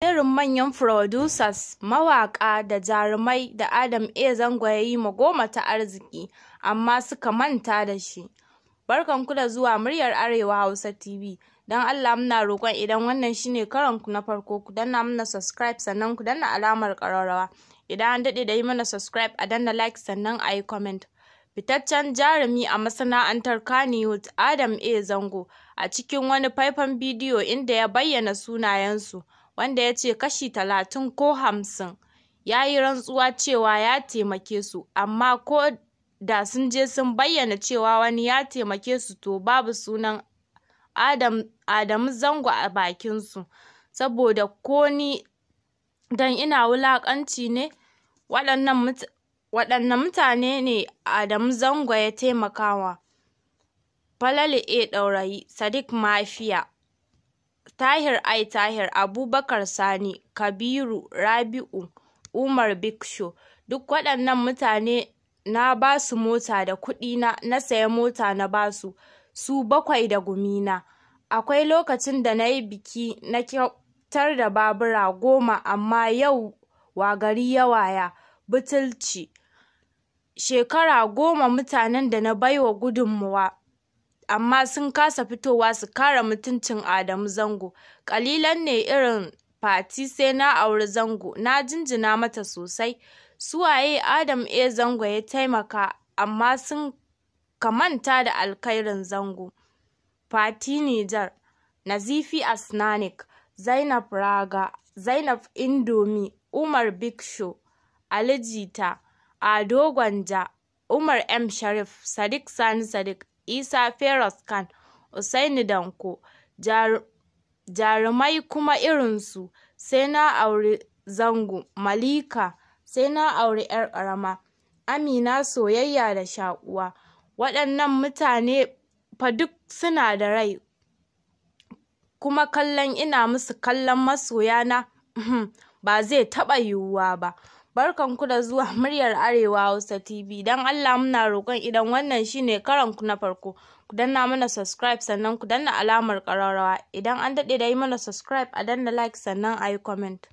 irin manyan producers mawaƙa da jarumai da Adam A. Zango ya yi ma goma ta arziki amma suka manta da shi. Barkanku da zuwa muryar Arewa Hausa TV. Don Allah muna roƙon idan wannan shine ku na farko ku danna muna subscribe sannan ku danna alamar ƙararrawa. Idan an daɗe da yi mana subscribe a danna like sannan a yi comment. Fitaccen jarumi a masana'antar Kannywood Adam A. Zango a cikin wani faifan bidiyo inda ya bayyana sunayensu. wanda ya ce kashi talatin ko hamsin ya yi rantsuwa cewa ya taimake su amma ko da sun je sun bayyana cewa wani ya taimake su to babu sunan Adam, Adamu Zango a bakinsu saboda ko ni don ina wulakanci ne waɗannan mutane ne Adamu Zango ya taimakawa Falalu e ɗaurayi Sadiq Mafiya Tahir I. Tahir, Abubakar Sani, Kabiru, Rabi'u, Umar Biksho, duk waɗannan mutane na ba su mota da kuɗina na saya mota na ba su, su bakwai da gumina. Akwai lokacin da na yi biki na kyautar da babura goma amma yau wa gari yawaya, butulci. Shekara goma mutanen da na baiwa gudunmuwa amma sun kasa fitowa su kara mutuncin Adamu Zango. Ƙalilan ne irin Fati sai na auri Zango, na jinjina mata sosai. suwaye Adam e Zango ya taimaka, amma sun kamanta da alkhairin Zango. Fati Nijar, Nazifi Asnanik, Zainab Raga, Zainab Indomi, Umar biksho Alijita, Ali Jita, Ado Gwanja, Umar M. Sharif, Sadiq Sani Sadiq, Isa feras Khan, Usaini Danko, jarumai kuma irinsu, sai na auri Zango, Malika, sai na auri 'yar ƙarama, Amina Soyayya da Shaƙuwa. Waɗannan mutane fa duk suna da rai, kuma kallon ina musu kallon masoyana ba zai taɓa yiwuwa ba. Barkanku da zuwa muryar Arewa Hausa TV. Don Allah muna roƙon idan wannan shine karanku na farko, ku danna mana subscribe sannan ku danna alamar ƙararrawa. Idan an daɗe da yi mana subscribe a danna like sannan a yi comment.